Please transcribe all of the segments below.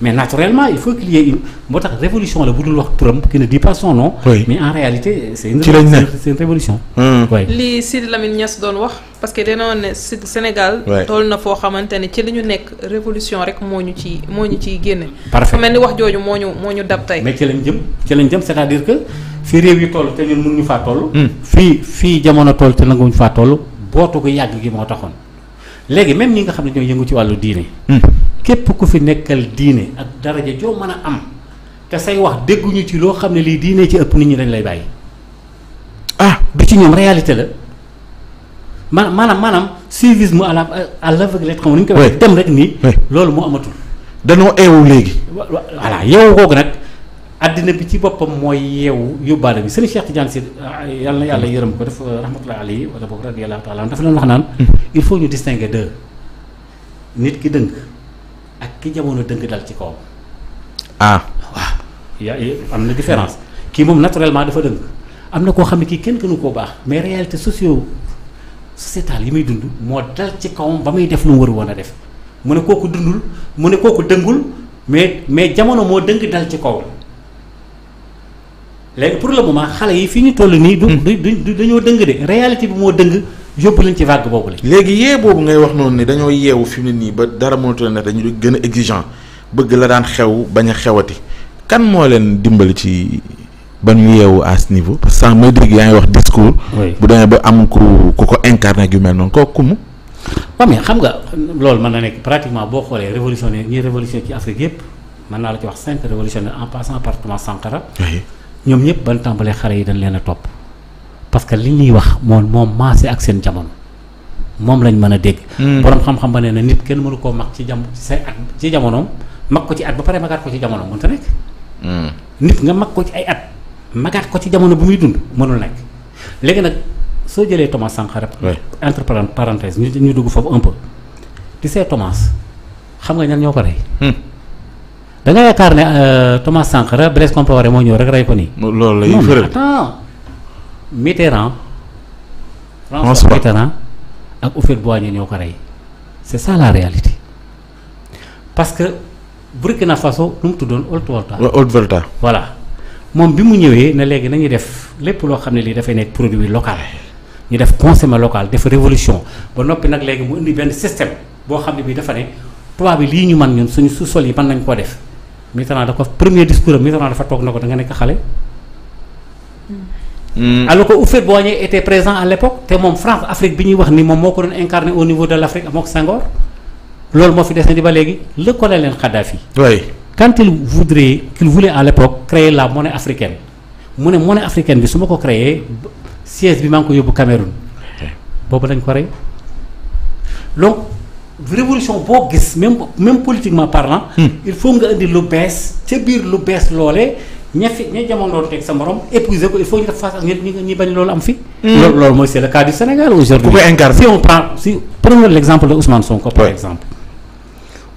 mais naturellement il faut qu'il y moo tax révolution la bu dul wax turam qui ne dit pas son nom. Oui. mais en réalité c'est une c'est une révolution. Hmm. li Sidi Lamine Niass doon wax parce que dañoo ne Sénégal. tool na foo xamante ne ci li nekk révolution rek moo ñu ci moo ñu ciy génne. parfait mel ni wax jooju moo ñu moo ñu dab tey. mais ci lañ jëm ci lañ jëm cest à diir que fii réew yi toll te ñun ñu faa toll. Hmm. fii fii jamono toll te nanguwuñu faa toll bootu ko yàgg gi moo taxoon léegi même ñi nga xam ne ñooy yëngu ci wàllu diine. Hmm. képp ku fi nekkal diine ak daraja joo man a am te say wax dégguñu ci loo xam ne lii diine ci ëpp nit ñi dañ lay bàyyi ah bi ci ñoom réalité la man maanaam maanaam civisme à la à l'aveuglette ñu koy waxee dem rek nii loolu moo amatul danoo léegi voilà yeewu googu nag àddina bi ci boppam mooy yeewu yóbbaale bi sëriñ Cheikh Tidiane si ah, yàlla na yàlla yërëm ko def rahmatullahi alayhi wala boog radiyallahu taala dafa wax naan hmm. il faut ñu distinguer deux nit ki dëng ak ki jamono dëng dal ci kawam. ah waaw. ya am na différence kii moom naturellement dafa dëng am na koo xam ne kii kenn gënu koo baax mais réalité socio sociétale yi muy dund moo dal ci kawam ba muy def lu mu war woon a def mu ne kooku dundul mu ne kooku dëngul mais mais jamono moo dëng dal ci kawam. léegi pour le moment xale yi fi ñu toll nii. du hmm. du du dañoo dëng de réalité bi moo dëng. yóbbu leen ci vague boobu la. léegi yee boobu ngay wax noonu ni dañoo yeewu fi mu ne nii ba dara mënatu leen dañu gën a exigeant bëgg la daan xew bañ a xewati kan moo leen dimbali ci ba ñu yeewu à ce niveau. parce que sànq dégg yaa ngi wax discours. bu demee ba am ku ku ko incarné ak yu mel noonu kooku kumu. waaw mais xam nga loolu mën na nekk pratiquement boo xoolee révolutionnaire ñi révolutionnaire ci Afrique yëpp mën naa la ci wax cinq révolutionnaires en passant par Thomas ñoom ñëpp ban tàmbalee xare yi dañ leen a topp. parce que li ñuy wax moom moom maase ak seen jamono moom lañ mën a dégg. Hmm. borom xam-xam ba nee na nit kenn mënu koo mag ci jam ci at ci ko ci at ba pare ko ci jamono mënta nekk. Hmm. nit nga mag ko ci ay at magaat ko ci jamono bu muy dund mënul nekk léegi nag soo jëlee Thomas Sankara. entre parenthèse ñu ñu dugg foofu un di see Thomas xam nga ñan ñoo ko rey. Hmm. da nga ne euh, Thomas Sankara Blaise Compaoré moo ñëw rek rey ko nii. loolu la ñuy fëral non Mitterrand. François Mitterrand ak Houphouët-Boigny ñoo ko rey c'est ça la réalité parce que Burkina Faso lu mu tuddoon Haute Volta. Haute Volta. voilà moom bi mu ñëwee na léegi nañuy def lépp loo xam ne lii dafay nekk produit local ñu def consommer local def révolution ba noppi nag léegi mu indi benn système boo xam ne bii dafa ne tubaab bi lii ñu man ñun suñu sous-sol yi man nañ koo def Mitterrand da ko premier discours am dafa toog na ko da nga nekk xale. Hmm. Mm. alors que Houphouët Boigny était présent à l'époque te moom France Afrique bi ñuy wax ni moom moo ko doon incarné au niveau de l'Afrique mook Senghor loolu moo fi desandi ba léegi lëkkale leen Kadhafi oui quand il voudrait qu'il à l'époque créer la monnaie africaine mu ne monnaie africaine bi su ma ko créer siège bi maa ngi ko yóbbu Cameroun boobu lañ ko rey donc révolution boo gis même même politiquement parlant hmm. il faut nga indi lu bees ca biir lu bees loolee ña fi ña jamono teg sa morom épuisé ko il faut ñu def face ak ñi ñi bañ loolu am fi. Hmm. loolu mooy c'est le cas du Sénégal aujourd'hui ku koy incarné si on prend si prenons l'exemple de Ousmane par exemple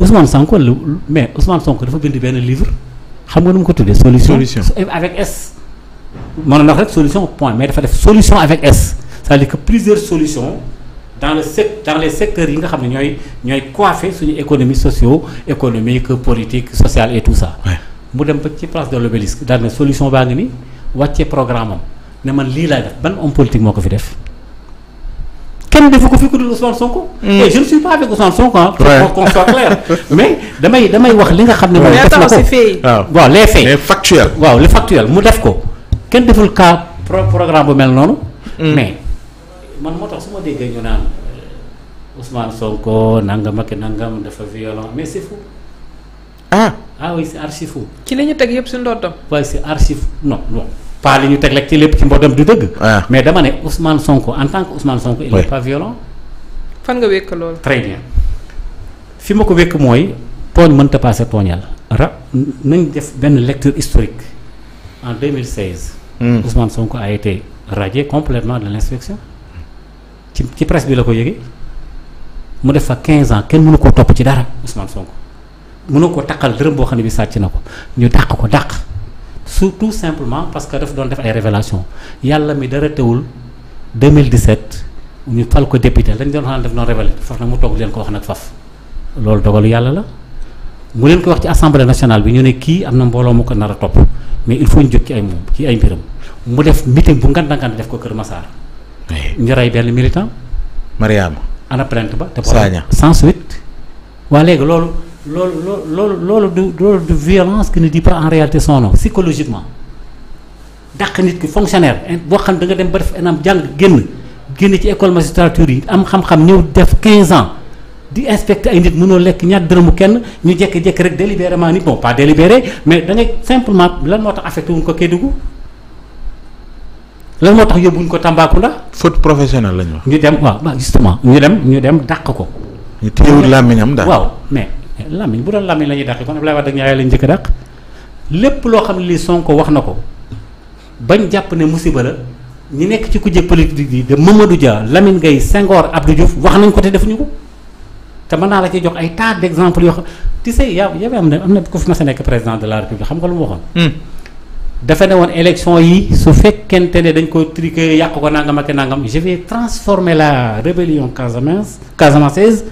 Ousmane Sonko lu mais Ousmane Sonko dafa bind benn livre xam nga nu mu ko tuddee. solution eh, avec S. mënoon na wax rek solution point mais dafa def solution avec S cest dire que plusieurs solutions dans le sec secteurs yi nga xam ne ñooy ñooy coiffer suñu économie socio-économique politique sociale et tout ça. mu dem ba ci place de l'obélisque daal ne solution baa ngi ni wàccee programme am ne man lii laay def ban homme politique moo ko fi def kenn defu ko fi ku dul Ousmane Sonko. Mm. mais damay damay wax li nga xam ne. mooy def na waaw les faits waaw les factuels mu def ko kenn deful cas programme bu mel noonu. Mm. mais man moo tax su ma déggee ñu naan euh, Ousmane Sonko nangam ak nangam dafa violent mais c'est fou. ah ah oui c'est archi faux. ci li ñu teg yëpp si ndoddam. waaye c'est archi no non. pas li ñu teg rek ci lépp ci mboddam du dëgg. Ah. mais dama ne Ousmane Sonko en tant que Ousmane Sonko. il n'est pas violent. fan nga wékk loolu. très fi ma ko wékk mooy tooñ mënta passé tooñal. ra nañ def benn lecture historique en 2016. Hmm. Ousmane Sonko a été radié completement de l'inspection ci ci presse bi la ko yëgee mu def fa 15 ans kenn mënu ko topp ci dara Ousmane Sonko. mënoo ko taqal dërëm boo xam ne bi sàcc na ko ñu dàq ko dàq surtout simplement parce que daf doon def ay révélation yàlla mi dara mille teewul 2017 ñu fal ko député lañ doon xam daf doon révélé faf na mu toog leen ko wax nag faf loolu dogalu yàlla la mu leen ko wax ci assemblée nationale bi ñu ne kii am na mbooloo mu ko nar a topp mais il faut ñu jóg ci ay moom ci ay mbiram mu def meeting bu nganda nganda def ko Kër Massar ñu rey benn militant Mariama ana plainte ba te sans suite waa léegi loolu loolu loolu du loolu du violence qui ne dit pas en réalité son nom psychologiquement dàq nit ki fonctionnaire boo xam da nga dem ba def naam jàng génn génn ci école magistrature yi am xam-xam ñëw def 15 ans di inspecter ay nit mënoo lekk ñaar dërëmu kenn ñu jekki jekki rek délibérément nit bon pas délibéré mais da ngay simplement lan moo tax affecté wuñ ko Kédougou lan moo tax yóbbuñ ko Tambacounda. faute professionnelle la ñu wax. ñu dem waaw waaw justement ñu dem ñu dem dàq ko. ñu téyewul làmmiñam mais. Lamine bu doon Lamine la ñuy dàq kon Abdoulaye Wade ak Ndiaye lañu njëkk dàq lépp loo xam ne son Sonko wax na ko bañ jàpp ne musiba la ñu nekk ci kujje politique yi de Mamadou Dia Lamine Gueye Senghor Abdou Diouf wax nañ ko te defuñu ko te mën naa la ay tas d' exemple yoo xam tu sais yow yow am na am na ku fi mas a nekk président de la république xam nga lu mu waxoon. Hmm. dafa ne woon élection yi su fekkente ne dañ ko triqué yàq ko nangam ak nangam je vais transformer la rébellion Casamance casamançaise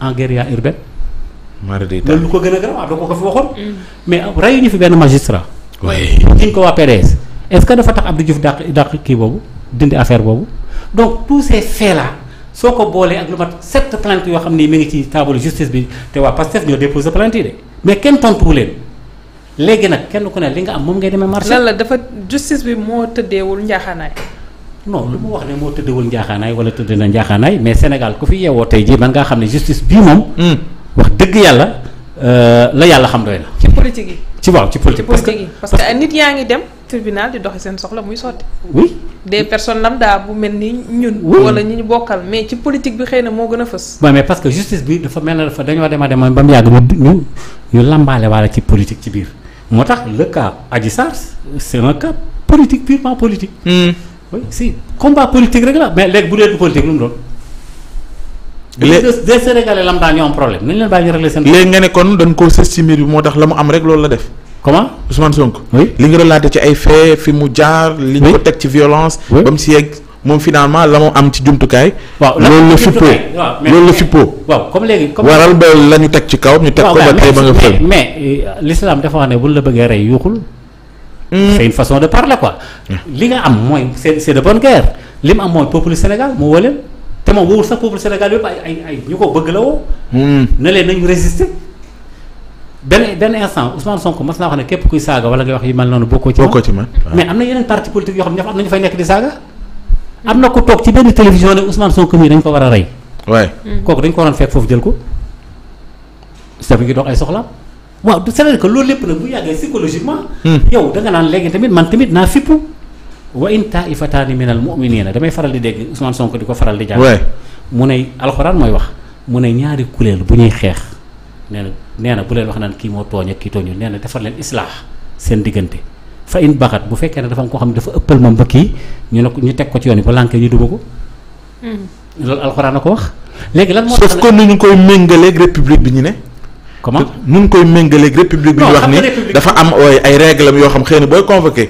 en guérilla urbaine. loolu lu ko gën a garaaw am da ko ko fi waxoon mm. mais reyu ñu fi benn magistrat diñ ko waa PDS est-ce que dafa tax di Diouf dàq dàq kii boobu dindi affaire boobu donc tous ces faits soo ko boolee ak lu mat sept plaintes yoo xam ni mi ngi ci table justice bi te waa Pastef ñoo déposé plainte yi de mais kenn tontuwu leen léegi nag kenn ku ne li nga am moom ngay demee marché. lan la dafa justice bi moo tëddeewul njaaxaanaay. non lu mu wax ne moo tëddeewul njaaxaanaay wala tëddee na njaaxaanaay mais Sénégal ku fi yeewoo tey jii man ngaa xam ne justice bii moom. Hmm. wax dëgg yàlla euh, la yàlla xam doy na. ci politique yi. ci waaw ci politique. parce que parce que nit yaa ngi dem. tribunal di doxi seen soxla muy sotti. oui des personnes lambda bu mel ni ñun. wala ñi ñu bokkal mais ci politique bi xëy na moo gën a fës. mais parce que justice bi dafa mel ne dafa dañoo dem a dem ba mu yàgg ñu ñu lambaale wala ci politique ci biir moo tax le cas Adji Sarr c'est un cas politique purement politique. Hmm. oui combat politique rek la mais léegi bu dee du politique lu mu doon. léegi des Sénégalais lambda ñoo am problème nga ne kon dañ koo sës ci mbir bi moo tax la mu am rek loolu la def. comment Ousmane Sonko. oui li nga relaté ci ay fait fi mu jaar. li ñu ko teg ci violence. ba mu si yegg moom finalement la mu am ci jumtukaay. waaw loolu la fippoo loolu la fippoo. waaw comme léegi comme waral ba la ñu teg ci kaw ñu teg ko ba tey ba nga fël. mais l'islam dafa wax ne buñ la bëggee rey yuuxul. Hmm. c'est une façon de parler quoi. li nga am mooy c'est c'est de bonne guerre li mu am mooy peuple Sénégal mu wóoleel te moom sa sax peuple Sénégal yëpp ay ay ay ñu ko bëgg la woo. Hmm. ne nañu résister. benn benn instant Ousmane Sonko mas naa wax ne képp kuy saaga wala ngay wax yu mel noonu bokkoo ci. bokkoo ci man mais am na yeneen parti politique yoo xam ne am na ñu fay nekk di saaga. am na ku toog ci benn télévision ne Ousmane Sonko mii dañ ko war a rey. waay hmm. kooku dañ ko waroon fekk foofu jël ko. Stapha ngi dox ay soxla waaw c'est-à-dire loolu lépp nag bu yàggee psychologiquement. Hmm. yow da nga naan léegi tamit man tamit naa fippu. wa in taifataani minal muminina damay faral di dégg Ousmane Sonko di ko faral di jàng mu ne alxuraan mooy wax mu ne ñaari kuléel bu ñuy xeex nee na nee na bu leen wax naan kii moo tooñ ak kii tooñul nee na defar leen islaax seen diggante fa in baxat bu fekkee ne dafa am koo xam ne dafa ëppal moom ba kii ñu ne ko ñu teg ko ci yoon yi ba lànkee ñu duma ko hmm. loolu alxuraan a ko wax léegi lan moo tax sauf que ni ñu koy méngaleeg république bi ñu ne comment nun koy méngaleeg république bi ñu wax ni dafa am ay règle am yoo xam xëy na booy convoqué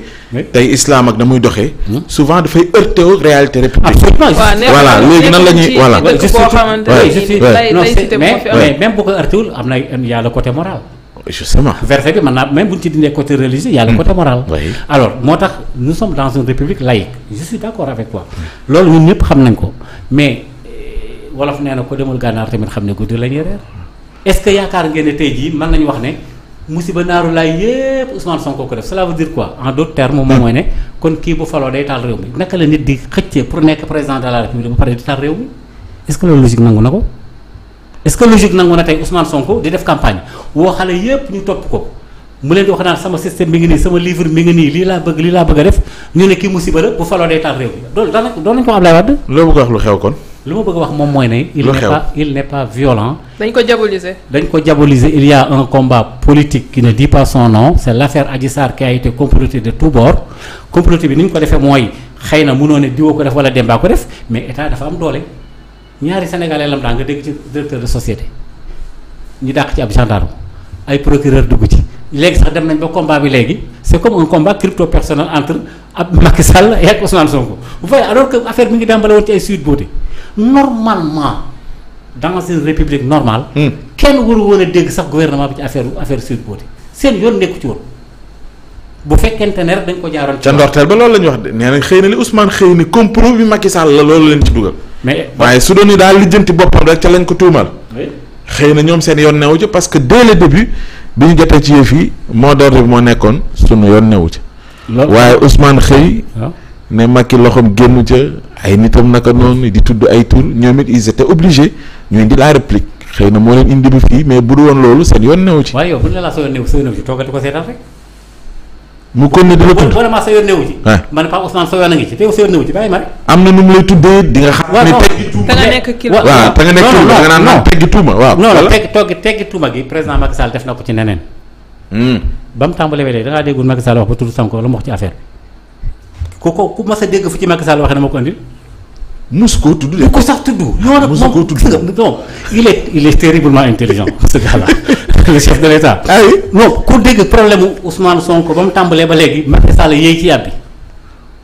tey islam ak na muy hmm? souvent dafay heurté réalité république voilà léegi nan la ñuy voilà mais même boo ko heurté wul am na yàlla côté moral justement verset bi mën naa même bu ñu ci dindee côté religieux yàlla côté hmm. moral alors moo tax nous sommes dans une république laïque je suis d'accord avec toi loolu ñun ñëpp xam nañ ko mais euh, wolof nee na ko demul gànnaar tamit xam ne guddi est-ce que yaakaar ngeen ne tey jii mën nañu wax ne musiba naaru laay yépp Ousmane Sonko ko def cela veut dire quoi en d'autres termes moom mooy ne kon kii bu faloo day taal réew mi naka la nekk président de la république ba pare di taal réew mi est-ce que nangu na ko est-ce nangu na tey Ousmane Sonko di def campagne woo xale yépp ñu topp ko mu leen di wax naan sama système mi ngi nii sama livre mi ngi nii lii laa bëgg lii laa bëgg a def ñu ne kii musiba la bu faloo day taal réew mi loolu daanaka doon nañu ko Ablaye Wade. loolu ko wax lu xew kon. lu ma bëgg wax moom mooy ne. il n'est pas il n'est pas violent. dañ ko diaboliser. dañ ko il y un combat politique ki ne dit pas son nom c'est l'affaire Adji Sarr qui a été complotée de tous bords bi ni ko defee mooy xëy na mënoo ne diwoo ko def wala Demba ko def mais état dafa am doole ñaari sénégalais lam daa nga dégg ci directeur de société ñu dàq ci ab gendarme ay procureur dugg ci. léegi sax dem nañ ba combat bi léegi c'est comme un combat crypto personnel entre ab Macky Sall et ak Ousmane Sonko vous voyez alors que affaire mi ngi normalement dans une république normale. Hmm. kenn war woon a dégg sax gouvernement bi ci affaire affaire Sweet Beauty seen yoon nekku ci woon bu fekkente ne rek dañ ko jaaroon. ca ndorteel ba loolu la ñu wax de nee na xëy na li Ousmane xëy na complot bi Macky Sall la loolu leen ci dugal. mais waaye su doon daal lijjanti boppam rek ca lañ ko tuumal. xëy na ñoom seen yoon newu ca parce que dès le début bi jotee ci yëf yi moo d'ordre bi moo nekkoon sunu yoon newu ci. waaye Ousmane xëy. Ah. ne Macky loxoom génn ca. ay nitam naka noonu di tudd ay tur ñoom it ils étaient obligés ñu indi la réplique xëy na moo leen indi bi fii mais bu du woon loolu seen yoon newu ci. waaye yow bu ko seetaan rek. mu kon ne di la tudd vraiment sa yoon newu ci. waaw ah. man Pape Ousmane sa yoon a ngi ci te sa yoon newu ci bàyyi ma rek. am na nu mu lay tuddee di nga. xam ne teggi tuuma waaw waaw te nga nekk kilo da nga naan naan tuuma gi président Macky Sall def na ko ci neneen. Hmm. ba mu tàmbalee da ngaa déggul Macky wax ba ci affaire ku ko ku mas sa dégg fu ci Macky Sall waxee na ma ko andil. mus koo tudd de. ko sax tudd. yow nag moom non il est il est terriblement intelligent ce gars-là le chef de l'État. ah oui ku dégg problème mu Ousmane Sonko ba mu tàmbalee ba léegi Macky Sall yéey ci yàbbi.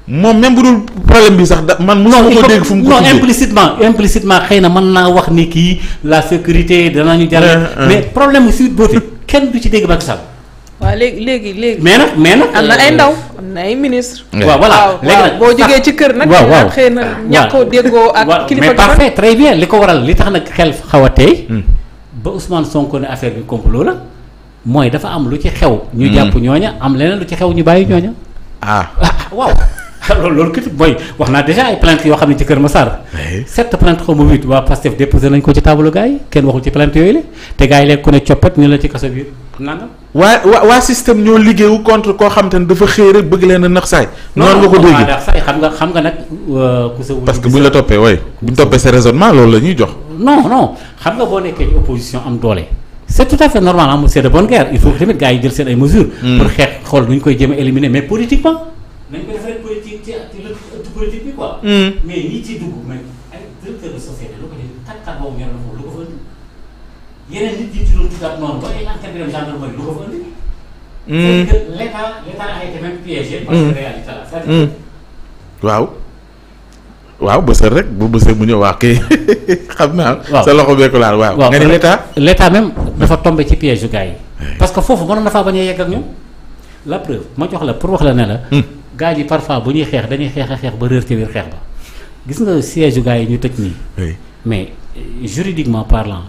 moom même bu dul problème bi sax da man. mosuma fu mu ko tuddee non xëy na mën naa wax ni kii la sécurité danañu. jaral ah, ah. mais problème mu si dootul kenn du ci dégg Macky Sall. waaw léegi léegi léegi. mais na mais nag. am na ay euh, ndaw am na ay ministre waaw voilà léegi boo jógee ci kër nag. waaw waaw na ñàkk déggoo ak. kilifa mais parfait très bien li ko waral li tax nag xel xaw a tey. Hmm. ba Ousmane Sonko ne affaire bi complot la mooy dafa am lu ci xew. ñu hmm. jàpp ñooña am leneen lu ci xew ñu bàyyi ñooña. ah, ah waaw. loolu loolu kit mooy wax naa déjà ay plainte yoo xam ne ci Kër Massar. sept plainte xaw ma huit waa Pastef déposé nañ ko ci taabalu gars kenn waxul ci plainte yooyu la te gars yi leen la ci kaso biir. nangam waa waa waa système ñoo liggéeyu contre koo xam te ne dafa xëy rek bëgg leen a nax saay. noonu nga ko déggee saay xam nga xam nga nag euh, ku sa parce que buñ la toppee way buñ toppee sa raisonnement loolu la ñuy jox. non non xam nga boo nekkee ci opposition am doole. c' est tout à fait normal amul c' est de bonne guerre il faut que tamit yi jël seen ay mesures. Hmm. pour xeex xool nu ñu koy jéem a éliminer mais politiquement. nañ hmm. ko def Hmm. Hmm. Hmm. waaw. waaw bësër rek bu bësër mu ñëw waa kay xam naa. waaw sa loxo beeku laal waaw. nga ni l'état l'état même dafa tombé ci piège yu gars yi. parce que foofu mënoon na faa bañ a yegg ak ñoom. la preuve ma jox la pour wax la ne la. gars yi parfois bu ñuy xeex dañuy xeex a xeex ba réer ci biir xeex ba. gis nga siège yu gars yi ñu tëj nii. mais juridiquement parlant.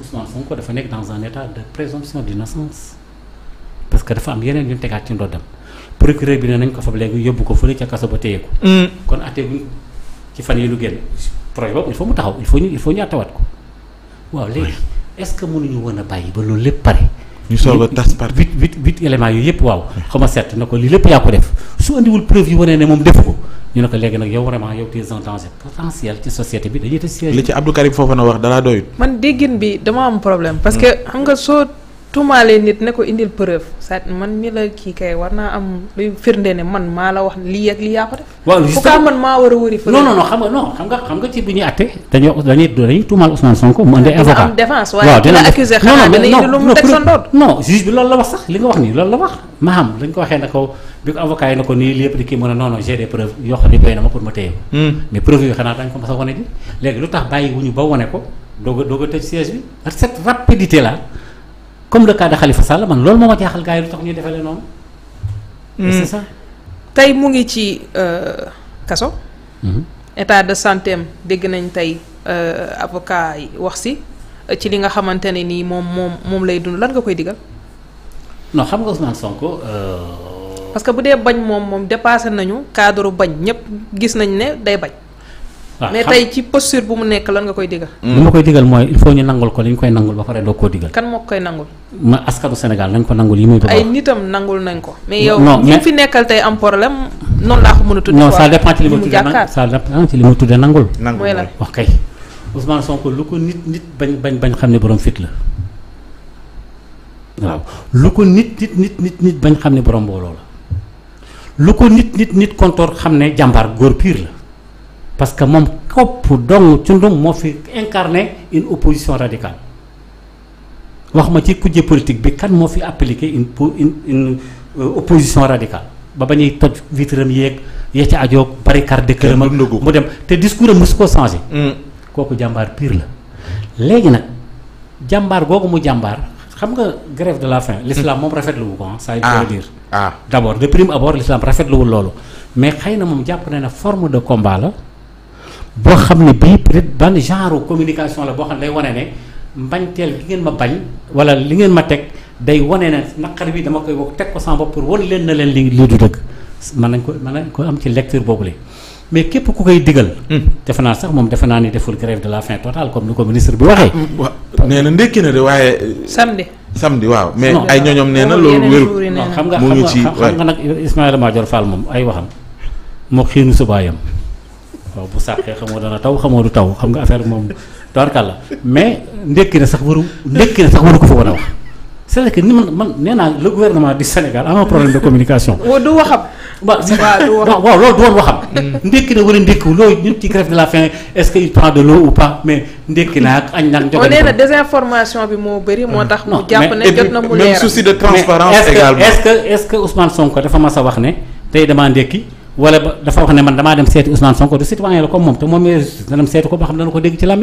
Ousmane Sonko dafa nekk dans un état de présomption d'innocence parce que dafa am yeneen yu ñu tegaat ci ndoddam procureur bi ne nañ ko fa léegi yóbbu ko fële ca kaso ba téye ko. Mm. kon àttee guñ ci fan yi lu génn projet il faut mu taxaw il faut ñu il faut ñu àttawaat ko waaw léegi est-ce que mënuñu woon a bàyyi ba loolu lépp pare ñu soog a tas par huit huit huit éléments yooyu yëpp waaw xaw ma seet na ko lii lépp yaa ko def su andiwul preuve yu wane ne moom defu ko ñu ne ko léegi nag yow vraiment yow tu es en danger potentiel ci société bi dañuy te siège li ci Abdou Karim Fofana wax dalaa doyut man déggin bi dama am problème parce xam nga soo tuumaale nit ne ko indil preuve sa man mi la kii kay war naa am luy firnde ne man maa la wax lii yaa ko def. waaw man maa war a wëri. non non non xam nga bi loolu la wax sax li nga wax nii loolu la wax ma xam dañ ko waxee na ko bi ko avocat yi na ko nii lépp di kii a non non j'ai des yoo xam ne doy na ma pour hmm. mais preuve yooyu xanaa dañ ko mas a wane ji léegi lu tax bàyyi wuñu ba wane ko doog a doog a bi ak cette rapidité là comme de cas de Khalifa Sall man loolu moo a jaaxal gars yi lu tax ñuy defalee noonu. Mm. c'est tey mu ngi ci euh, kaso. Mm-hmm. état de santé dégg nañ tey euh, avocat yi wax si euh, ci li nga xamante ne nii moom moom moom lay dund lan nga koy digal. noo xam nga Ousmane Sonko. parce que bu dee bañ moom moom dépassé nañu cadre bañ ñëpp gis nañ ne day bañ. Ah, mais tey ci posture bu mu nekk lan nga koy digal. Mm. li ma koy digal mooy il faut ñu nangul ko li koy nangul ba pare doo koo digal. kan moo koy nangul. ma askanu Sénégal nañ ko nangul yi muy. ay nitam nangul nañ ko. mais yow ñi fi nekkal tey am problème noonu laa ko mën a. tuddee non ça li tuddee nangul ça dépend ci li ma tuddee nangul. nangul ko nit nit bañ bañ bañ xam ne borom fit la. waaw lu ko nit nit nit bañ xam ne borom mbooloo la. lu ko nit nit kontoor xam ne jàmbaar góor pire la. parce que moom kopp dong ci ndum moo fi incarné une opposition radicale. wax ma ci kujje politique bi kan moo fi appliqué une une une euh, opposition radicale ba ba ñuy toj vitram yeeg ya ca ajoog barricade de këram mu dem te discours am mos koo changé. Mm. kooku jàmbaar pire la. léegi nag jàmbaar googu mu jàmbaar xam nga grève de la faim. Mm. l'islam moom rafetlu wu ko ah. ça il ah. faut le dire ah d' abord de prime abord loolu. mais xëy na moom jàpp ne na forme de combat la boo xam ne bii peut ban genre communication la boo xam ne day wane mbañteel gi ngeen ma bañ wala li ngeen ma teg day wane na naqar bi dama koy wax teg ko sama bopp pour wan leen na leen li lii du dëgg mën nañ ko man nañ ko am ci boobu boobule mais képp ku koy digal. Hmm. defe naa sax moom defe naa ni deful grève de la faim totale comme ni ko ministre bi waxee. Hmm, waaw nee na ndekki na de waaye. samedi samedi waaw. mais ay ñoñom nee na loolu wéru. xam nga xam nga nag Ismaïla Madior Fall moom ay waxam moo xiinu subaayam waaw bu sàqee xamoo dana taw xamoo du taw xam nga affaire moom. tubaarkàlla mais ndekki na sax waru ndekki na sax waru ko fa war a wax c'est que ni man man nee naa le gouvernement Sénégal am problème de communication. waaw du waxam. waaw loolu du waxam. ndekki na ak añ nag. joxe bi moo bëri moo tax. mu jàpp ne jot na mu leer même souci de transparence également est dafa mas a wax ne tey damaa ndekki. wala dafa wax ne man damaa dem seeti Ousmane Sonko du citoyen la comme moom te moom mi dana seetu ko ba xam dana ko dégg